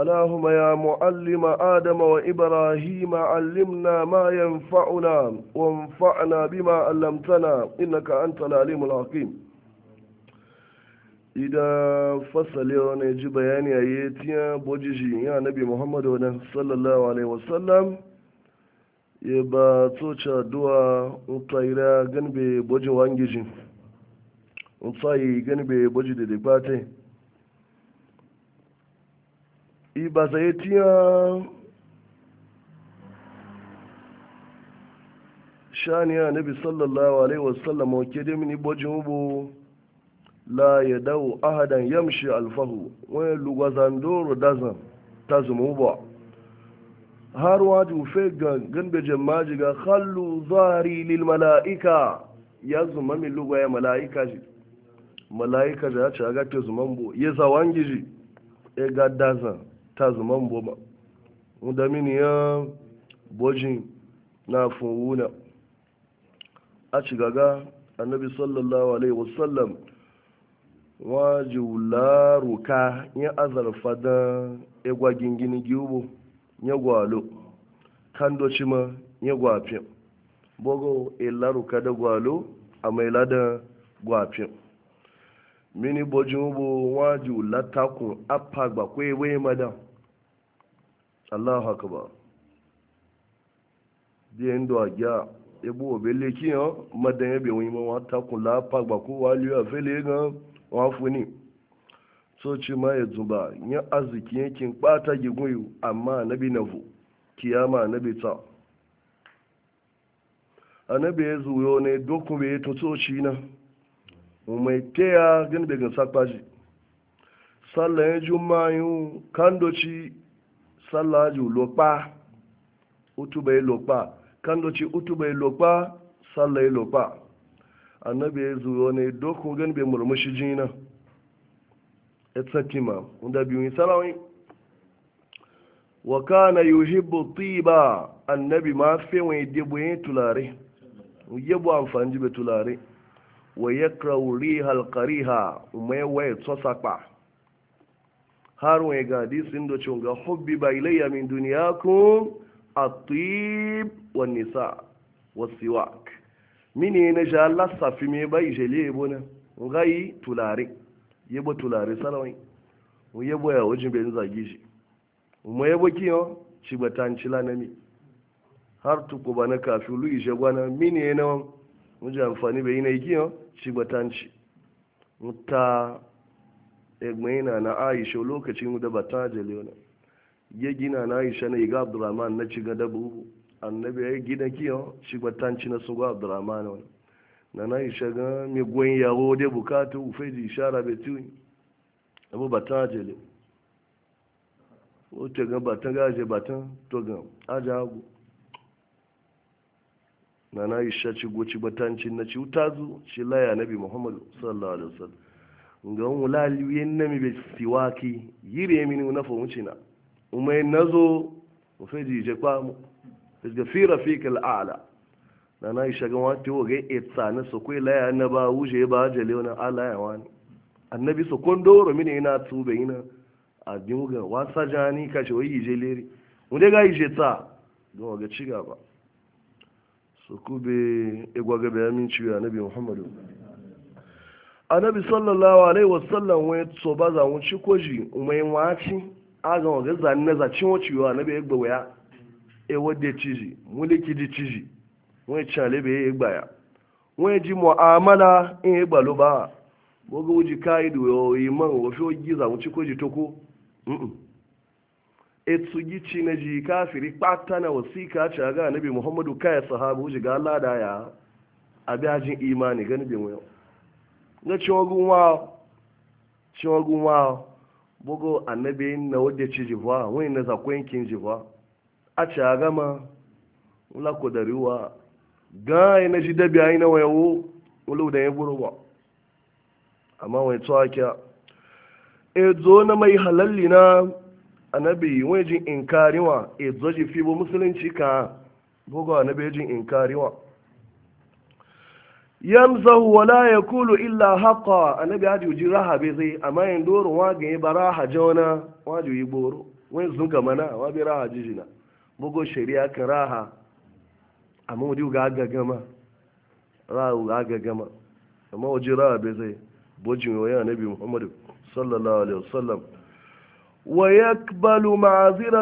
اللهم يا معلم آدم وإبراهيم علمنا ما ينفعنا وانفعنا بما علمتنا إنك أنت العليم الحكيم idan fasale wani ji bayani a yi tiya bojiji ya nabi muhammadu wani sallallahu alaihi wasallam ya ba tocha duwa utayira ganbe boji wangiji utayi ganbe boji da dikpatai iba zai tiya shaniya nabi sallallahu alaihi wasallam wake da mini bojin ubu la ya dawo ahadan yamshi alfahu wani lugwazan doro dazan ta zuma uba har waju fe gangan da jamaji ga hallu zari lil mala'ika ya zuma min ya mala'ika ji mala'ika da ya ci aga ke zuman bu ya zawon gizi ya e ga dazan ta zama boma da mini ya bojin na funwuna a cigaga annabi sallallahu alaihi wasallam wajula ruka ya azarfa da egwa gingini giubu ya gwalo kandoci ma ya gwafi bogo ila ruka da gwalo a mai lada gwafi mini bojin ubu wajula takun apagba kwaiwai madan allahu akbar diẹ ndo agya ebu obe leki hàn madan ebe wọn yìí wọn atakun wa gbàkú a lè àfẹlẹ gan funi. so sochi ma ẹtùnba e nyẹ aziki yẹn kí n kpáta gígùn yìí àmà anabi nàfọ kìyàmà anabi ta anabi ezuwe ọ na dọkun to tún chi na ọmọ ẹtẹ ya gẹni bẹ gẹn ji sallan jumaayu kandochi. sallaju lokpa utubai lokpa kan doci utubai lokpa sallai lokpa annabi ya zuwa ne doko gan bai murmushi jina etsatima wanda biyu salawai wa kana yuhibbu tiba annabi ma fewe debo yin tulare yebo amfani be tulare wa yakrahu riha alqariha umay wa tsasapa har wai ga hadisin da cin ga hubbi ba ilayya min duniyakum a tib wa nisa wa siwak mini na lasafi mai bai me bai jeli na ngai tulare yabo tulare salawai mu yabo ya wajen bai zagi shi mu yabo kiyo ci batan na ni har tuku na kafi lu ishe gwana mini na mu ji amfani bai na kiyo ci batan ci mutta egbayina na aisha lokacin da ba ta jale wani ya gina na aisha na iga abdurrahman na ciga da buhu annabi ya gina kiyo shi gbatanci na sugu abdurrahman wani na na aisha ga mai gwen yawo dai bukatu ufe ji shara bai tiwi abu ba ta jale wata ga batan gaje batan to ga aja hagu na na aisha ci gbatanci na ci utazu shi laya nabi muhammadu sallallahu alaihi wasallam ga wani laliyen nne mi bai siwaki yiri ya mini na fahimci na umar na zo mafi kwa mu ga fi rafika na na yi shagan wata yau ga etsa na sakwai laya na ba wuce ba jale wani ala ya wani annabi sakon doro mini yana tube yana a dinga wasa jani kashe wai yije leri wanda ga yije ta don ga ci gaba kube annabi muhammadu annabi sallallahu alaihi wasallam wai so ba za mu ci koji umai waci aga wa ga zani na zacin waci wa annabi egba waya e wadde ciji muliki di ciji wai chale be egba ya wai ji mu'amala in egba lo ba boga uji kaidu yo iman wo fi ogi za mu ci koji toko mm etsu gi ci na ji kafiri kpata na wasika ci aga annabi muhammadu kayi sahabu ji ga Allah a ya abiyajin imani gani bin wani. nga cewagun wa cewagun wa bugu annabi na wadda ci jifa wani na zakwenkin jifa a ci a gama wula ko da riwa ga yi na ji dabi ayi na wayawo wula da ya amma wani tsakiya e na mai halalli na anabi wani ji inkariwa e zo ji fi musulunci ka bugu annabi jin inkariwa yamzahu wala ya kulu illa haƙa annabi hajji uji raha bai zai amma yin doron wagen yi ba raha jona wajen yi boro wani sun gama na wa bai raha jijina bugo shari'a kan raha amma wadi ga gagama gama raha ga gama amma uji raha bai zai bojin yoyin annabi muhammadu sallallahu alaihi wasallam wa yakbalu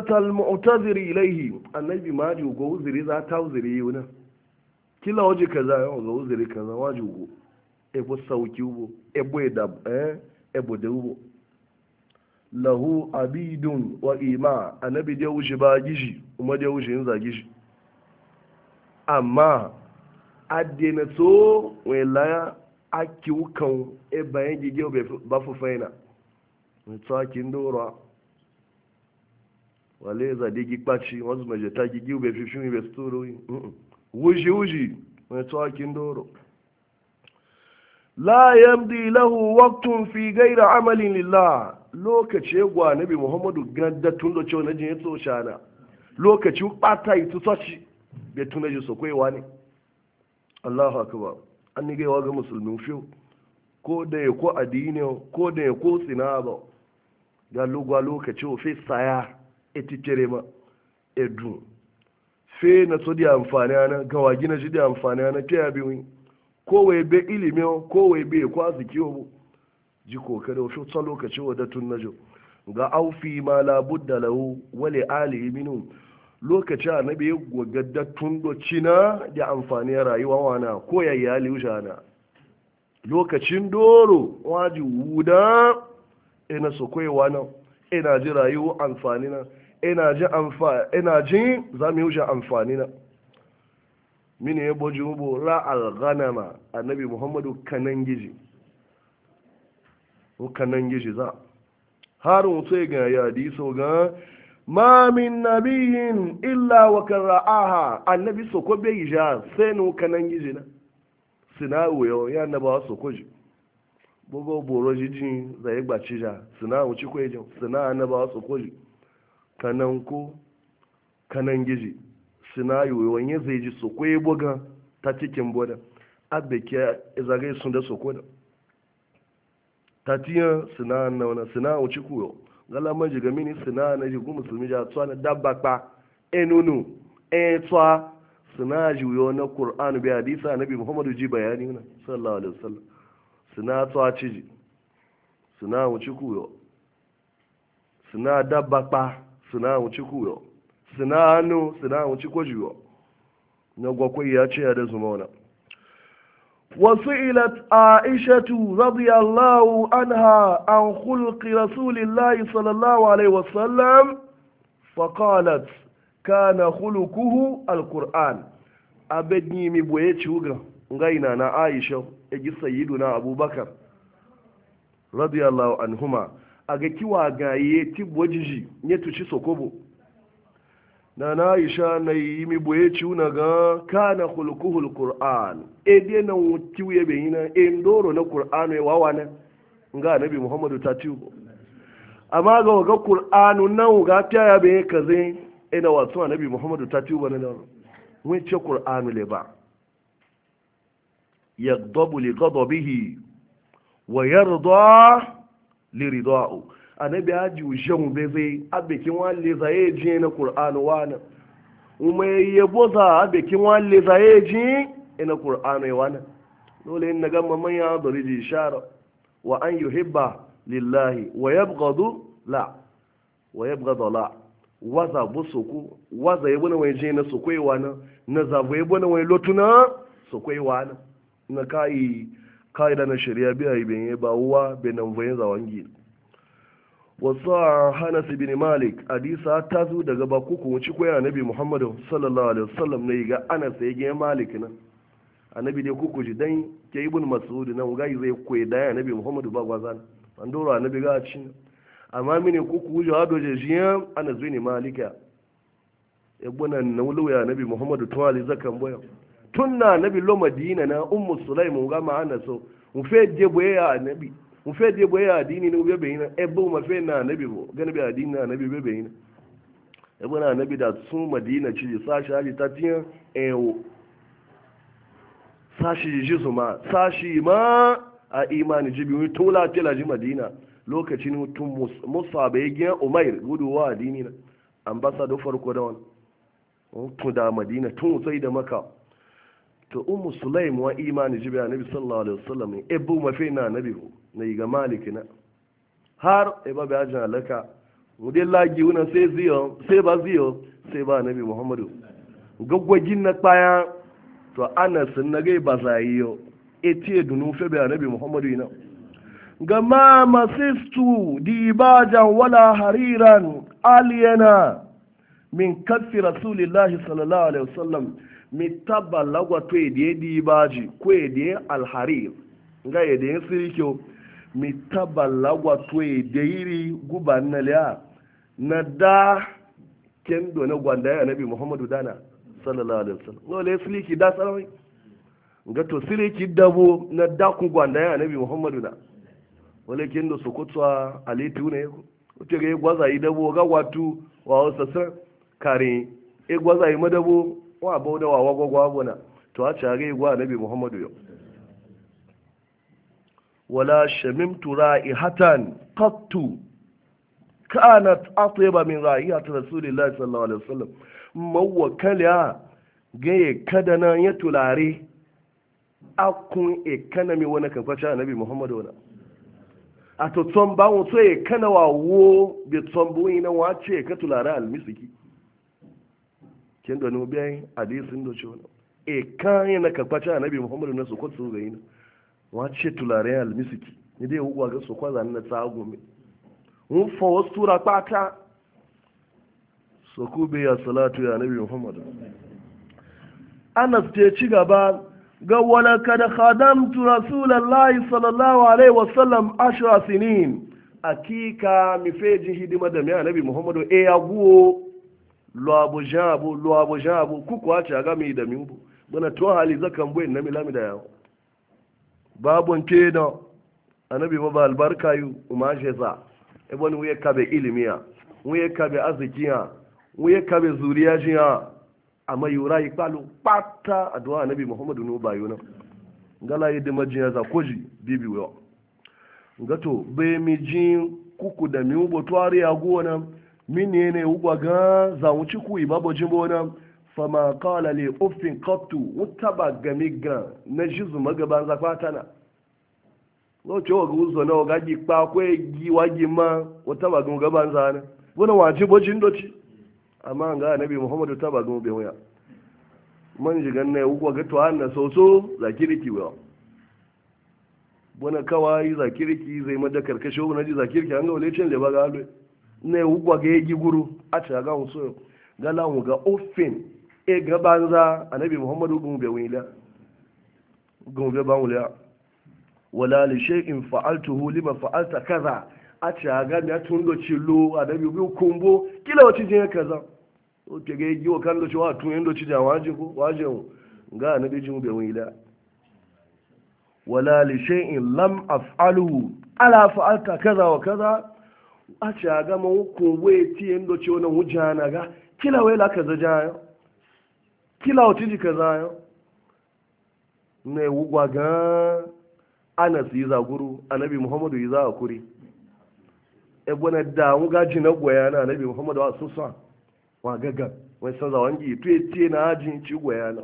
al mu'taziri ilaihi annabi ma ji go uzuri za ta yi yuna kila waje kaza yawon ga uzuri kaza waje ugo ebo sauki ugo ebo edab eh ebo da ugo lahu abidun wa ima annabi da wuce ba gishi kuma da wuce yin zagishi amma adena to wai laya aki wukan e bayan gige ba fu faina mai tsakin dora wale za digi kpaci wanzu majeta gigi ube fifin ube storo yi wuji-wuji mai tsakin doro la yamdi lahu waqtun fi gaira amalin lillah lokaci gwa nabi muhammadu gadda tun da cewa najin yato shana lokaci bata yi tutsaci da tun najin so kai wani? allahu akbar an ni gaiwa ga musulmin fiyo ko da ya ko adini ko da ya ko tsina ba ga lugwa lokaci ofe saya etitere ma edun fe na so di amfani ana gawagi na shi di amfani ana fiya biyu kowai be ilimi kowai be kwazi kiwo ji kokare wasu tsan lokaci wa datun na jo ga aufi ma da lahu wale ali minu lokaci annabi ya goga datun do cina, da amfani rayuwa wana ko ya iyali na lokacin doro waji wuda ina so koyewa na ina ji rayuwa amfani na ina ji ina ji za mu yi wuce amfani na mini ya boji mubo ra'al ghanama annabi muhammadu kanan gizi o kanan gizi za har mutu ya ga ya di so ga ma min nabiyin illa wa kara'aha annabi so ko bai ja sai no kanan gizi na sina uyo ya annabawa so ko ji bogo boro jiji zai gbaci ja sina wuci ko ji sina annabawa so ko ji kanan ko kanan gizi sinayo wanye zai ji su boga buga ta cikin boda abbe ke zagaye sun da su koda ta tiya suna na wana sina uci kuyo gala maji gami ne suna na ji gumi musulmi ja tsuwa na dabba kpa enunu e, e tsuwa sina ji wuyo na qur'an bi hadisa nabi muhammadu ji bayani na sallallahu alaihi wasallam suna tsuwa ciji suna wuce kuyo sina dabba kpa suna wuce kuyo suna hannu suna wuce kwajiyo na gwakwai ya ce ya da zuma wani wasu ilat aishatu radiyallahu anha an hulki rasulillahi sallallahu alaihi wasallam faqalat kana hulukuhu alkur'an abin yi mi boye ciwuga gaina na aisha ya gi sayiduna abubakar radiyallahu anhuma a ga kiwa gaye tibbo jiji nye tuci sokobo na na isha na yi mi boye ciuna ga kana hulkuhul qur'an e de na tiwu ye beyina e ndoro na qur'an e wawana nga nabi muhammadu ta amma ga ga qur'an nan ga ta ya be kaze e na wasu nabi muhammadu ta tiwu na da mun ce qur'an le ba yagdabu li ghadabihi wa yarda liridau annabi haji ushen be zai abekin wale zaye je na qur'an wana umma yabo za abekin wale zaye je na qur'an wana dole in naga mamman ya dariji ishara wa an yuhibba lillahi wa yabghadu la wa yabghadu la waza busuku waza yabo na waje ina sukwai wana na zabo yabo na wai lotuna sukwai wana na kai ka'ida na shari'a biya yi bin ba wa bin nan vayin zawangi wasu a hanas bin malik hadisa ta zo daga baku kuku ci koya annabi muhammadu sallallahu alaihi wasallam ne ga anas ya ga malik nan annabi dai kuku ji dan ke ibn mas'ud nan ga zai koyi da annabi muhammadu ba gwazan an dora annabi ga ci amma mini kuku ji hado je jiya anas bin malika ibn nan wuluya annabi muhammadu tawali zakan boya tun na nabi lo madina na ummu sulaimu ga ma ana so mu fe je boya nabi mu fe je boya adini dini ne be ina e bo ma fe na nabi bo ga nabi adini na nabi be ina e bo na nabi da su madina ci sa shari ta tiyan sa shi ji su ma shi ma a imani jibi wani tola tela ji madina lokacin mutum musa bai gina umair guduwa adini na ambasado farko da wani tun da madina tun sai da maka to umu sulaim wa imani jibi nabi sallallahu alaihi wasallam ebu mafi na hu na yi ga maliki na har eba bi ajin alaka mudai lagi wuna sai ziyo sai ba ziyo sai ba nabi muhammadu gaggwagin na kpaya to anas na gai ba E tiye dunu fe bi nabi muhammadu ina ma masistu ibajan wala hariran aliyana min kafi rasulillahi sallallahu alaihi wasallam mi taba lagwa to ediye dibaji ko ediye alharir nga ediye sirikyo mi taba lagwa to edeyiri gubanaliya na da kendo na gwanda ya nabi muhammadu dana sallallahu alaihi wasallam no le siriki da sarai nga to siriki dabo na da ku gwanda ya nabi muhammadu na wale kendo sokotwa alitu ne ko tege gwaza idabo ga watu wa sasa kare igwa zai madabo wa bau da wawa gwagwa gona to a cari igwa e nabi muhammadu yau wala shamimtu ra'ihatan qattu kanat atyaba min ra'ihat rasulillahi sallallahu alaihi wasallam mawakala gaye kada na ya tulare akun ekanami wani kan a annabi muhammadu wani a tutsun ba wato ya e kana wa wo bi tson buwi na wace ka tulare almisiki kin da no biyan hadisin da cewa e kan na kakwacha annabi muhammadu na sokot su gaina wa ce tulare almisiki ni dai ugwa ga sokwa zan na tsago mi mun fa wastura kwata bai ya salatu ya annabi muhammadu anas te ci gaba ga wala kada khadamtu rasulullahi sallallahu alaihi wasallam ashra sinin akika mifeji hidima da mai annabi muhammadu e ya guwo luwabu jabu luwabu jabu kuku wace a gami da mimbu bana tuwa hali zakan bai na milami da yawo babon ke na anabi ma ba albarka yi umarshe sa ebon wuye kabe ilimiya wuye kabe arzikiya wuye kabe zuriya jiya amma yura yi kpalu pata addu'a anabi muhammadu nu bayu na gala yi da majiya za koji bibi yo gato bai mi jin kuku da mimbu tuwari ya gona mini ne ugwa ga zamu ciku imabo jimbo na fama kala le ofin kaptu utaba gami ga na tana magaban zakwatana lokaci wa guzo na waga gi pa kwe gi wagi ma utaba gun gaban zana wani wajibo jindoci amma ga nabi muhammadu taba gun be waya man gan ne ugwa ga to an soso zakiriki wa wani kawai zakiriki zai mada karkashin wani zakiriki an ga wale cin leba ga alwe na ewugwa ga yi gwuru a ci ga wuso gala mu ga ofin e ga banza annabi muhammadu gumbe wila gumbe ban wila wala li shay'in fa'altuhu lima fa'alta kaza a ci ga mi tun do ci lo annabi bi kumbo kila wati je kaza o te ga yi wa kan do ci wa tun do ci da waje ko waje ga annabi jin be wila wala li shay'in lam af'aluhu ala fa'alta kaza wa kaza a ci a gama hukun wee tiye ndoci wani wuja na ga kila wela ka za jayo kila wata ji ka zayo na yi wugwa ga anas yi zaguru anabi muhammadu yi za a kuri ebwana da wuga gaji na goya na anabi muhammadu a susa wa gaga wani san zawon gi tuye tiye na ajin ci goya na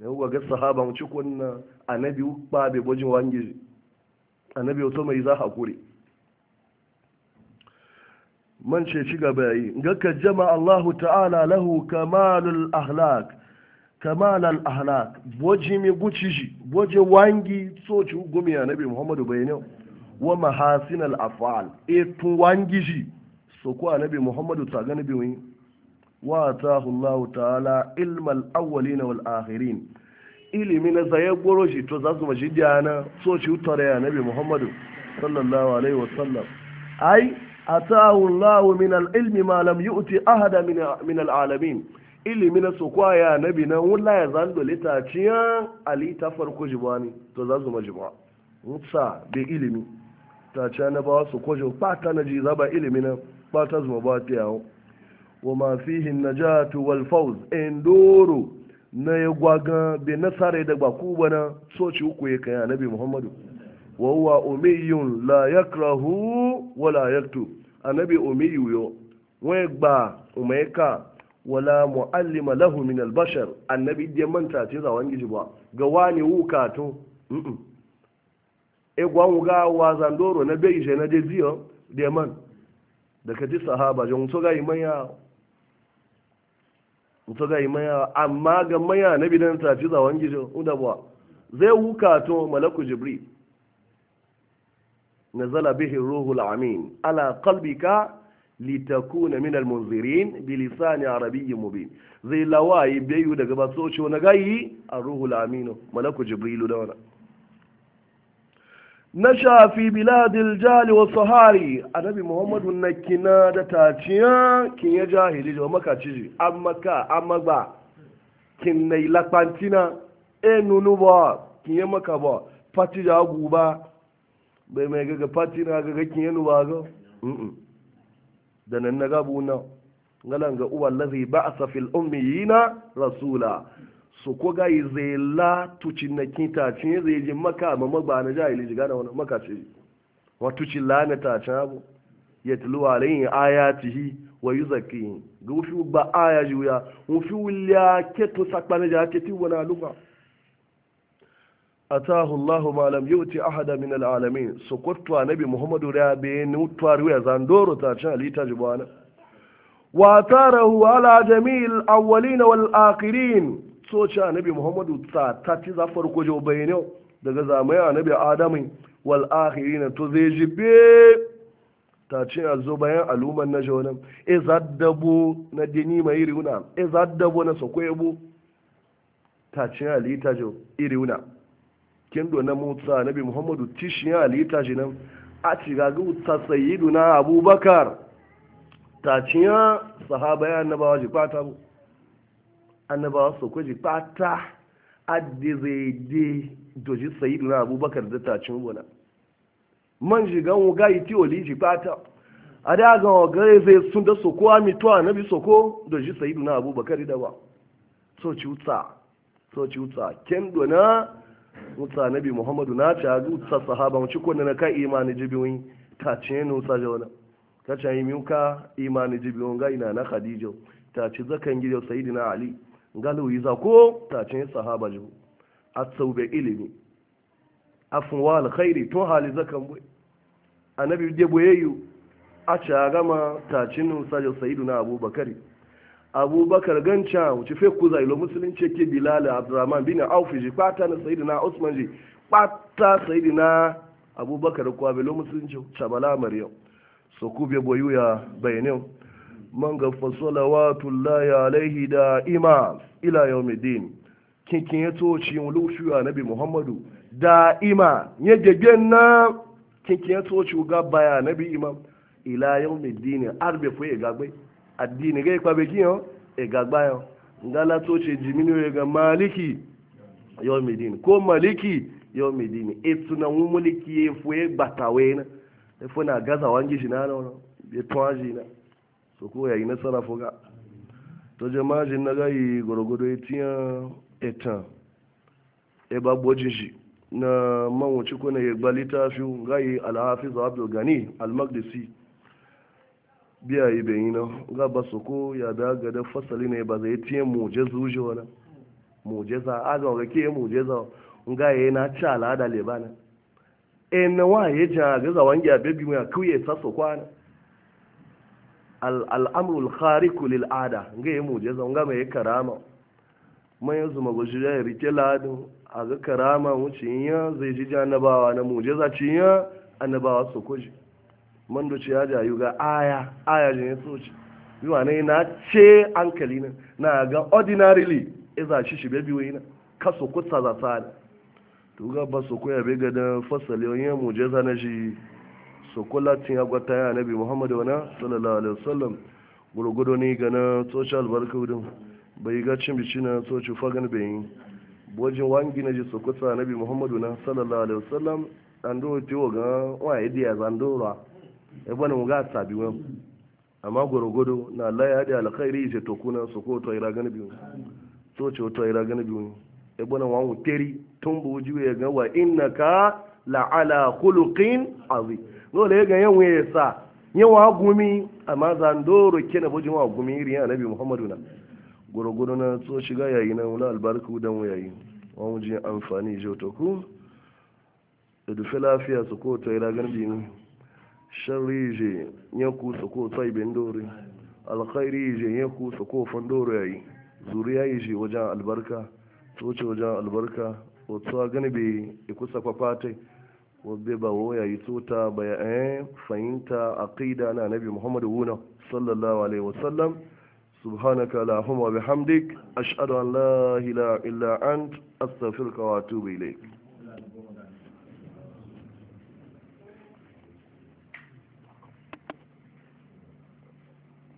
na wugwa ga sahaba mu ci kunna anabi ba bai bajin wangi anabi wato mai za a kuri man ce ci gaba yi gaka jama Allahu ta'ala lahu kamalul ahlak kamalul ahlak boji mi guciji boje wangi tsoci gumi ya nabi muhammadu bai bayani wa mahasin al'afal e tun wangi shi so kuwa nabi muhammadu ta ga nabi wani wa atahu Allahu ta'ala ilmal awwali na wal ahirin ilimi na zaye goro shi to za su mashi diyana tsoci utare ya nabi muhammadu sallallahu alaihi wasallam ai atahu Allah min al'ilmi ilmi ma lam yu'ti ahada min min ilimi na sokwa ya nabi na wula ya zan dole ta ciya ali ta farko jibani to za su majiba mutsa bi ilimi ta ciya na ba su kojo pata na ji zaba ilimi na pata zuma ba ta yawo wa ma fihi najatu wal fawz endoro na ya gwaga bi nasara da ba kuba na soci uku ya kai annabi muhammadu wa huwa umiyyun la yakrahu wa la yaktub Anabi umiyu Yuyo, wai gba umaika wala muallima lahu min albashar annabi dai manta ti zawan giji ba ga wani wuka to mm -mm. e gwan ga wazan doro na bai je na je ziyo da man ka ji sahaba jan to ga imanya so ga imanya amma ga maya nabi dan ta ci zawan giji unda ba zai wuka to malaku jibril نزل به الروح العمين على قلبك لتكون من المنذرين بلسان عربي مبين زي لواي بيو دغ باسوچو نغاي الروح العمين ملك جبريل دونا نشا في بلاد الجال والصهاري النبي محمد نكنا دا تاتيا كين يا جاهلي جو مكا امكا امبا كين نيلا بانتينا انو إيه نو با كين مكا با فاتي جا bai mai gaga fati na gaga kin yanu ba ga da nan na gabu na ngalan ga uwa lazi ba'sa fil ummiyina rasula su ko ga zai la tuci na kinta cin zai ji maka ma magba na jahili ji gana wani maka ce wa tuci la na ta can abu yatlu alayhi ayatihi wa yuzakki gufi ba aya juya mu fi wuliya keto sakpa na jahili ti wona lufa atahu Allah ma lam yuti ahada min alalamin so kotwa nabi Muhammadu rabe ni twari ya zandoro ta cha lita jibana wa tarahu ala jamil awwalin wal akhirin so cha nabi Muhammadu ta tati za farko jo bayane daga zamai annabi Adam wal akhirin to zai jibe ta ce a zo bayan aluman na jonan e zaddabo na dini mai riuna e zaddabo na sokoyebo ta ce alita jo iriuna kendo na mutsa nabi muhammadu tishin ya halitta shi nan a cigaga ta sayidu na abubakar ta ciya sahaba ya annabawa ji fata bu annabawa su kwaji kwata adde zai de doji sayidu na abubakar da ta cin wani man gan wuga iti oli ji fata a da ga wagare zai sun da soko na bi soko doji sayidu na abubakar da ba so ci wutsa. so ci wutsa kendo na mutsa nabi muhammadu na ci hagu ta sahaba mu kwanne na kan imani jibiyoyi ta ce ne mutsa jauna ta ce yi muka imani jibiyoyi ga ina na khadijo ta ce zakan gidan na ali galo yi za ko ta ce sahaba jibu a tsaube ilimi afin wa alkhairi tun hali zakan bai annabi debo yayu a ci gama ta ce ne mutsa jauna sayidina abubakari abubakar ganca wuce fe ku zailo musulunci ke bilal abdurrahman bin auf ji kwata na na usman ji kwata sayyidina abubakar ko abelo musulunci shabala maryam so ku be boyu ya bayane man ga fa salawatu llahi alaihi da ima ila yawmiddin kinkin ya toci wulu shu annabi muhammadu da ima ya gegen na kinkin ya toci ga baya nabi imam ila yawmiddin arbe fuye ya gagbai addini ga ikpa beki yo e gagba yo ngala to ce jimini yo ga maliki yo medin ko maliki yo medin e tuna mu muliki e fu e na e fu na gaza wangi shi na no e twaji na so ko ya ina sara foga to jama'a jin na gai gorogodo e tiya etan e ba bojin shi na man wuce na ya gbalita fi gai al-hafiz Abdul Gani almagdisi biya yi bayi na ga ba su ko ya da ga da fasali ne ba zai tiye mujeza wuce wani mujeza a ga ga ke mujeza ga ya na ci al'ada lebana e na wa ya ji a ga zawon a bebi mu ya kuye ta su kwana al'amrul khariku lil ada ga ya mujeza ga mai karama mai yanzu magwajira ya rike ladin a ga karama wuce ya zai ji annabawa na mujeza ci ya annabawa su kuji mando ce ya jayu ga aya aya ne so ce yiwa ne na ce hankali na na ga ordinarily iza e shi shi bebi wai na kaso kutsa za ta da to ga ba so koya be ga da fasali onye mujiza na shi so latin ya gwata ya nabi muhammadu wana sallallahu alaihi wasallam gurgudu ne ga na social barka din bai ga cin bici na ci fagan bayin bojin wangi na ji so kutsa nabi muhammadu na sallallahu alaihi wasallam an do tiwo ga wa idiya zandura ya mu ga sabi wani amma gwargwado na Allah ya da alkhairi ce to kuna su ko to ira gani biyu to ce to ira gani biyu ya bane wa mu teri tun bu ji ga wa innaka la ala khuluqin azim no le ga yan ya sa yan wa gumi amma zan doro na bujin wa gumi iri annabi Muhammadu na gwargwado na so shiga yayi na wala albarku dan wayayi wa mu ji amfani je to ku da dufe lafiya su ko to ira gani biyu sharrije ya kusa ko tsaibin dore alkhairi je ya kusa ko fandoro ya yi ya yi je wajen albarka toce wajen albarka wato gani bai kusa kwafatai wadda ba waya yi tota bayan eh, fahimta aqida na nabi muhammad wuna sallallahu alaihi wasallam subhanaka la huma bihamdik ashhadu an la ilaha illa ant astaghfiruka wa atubu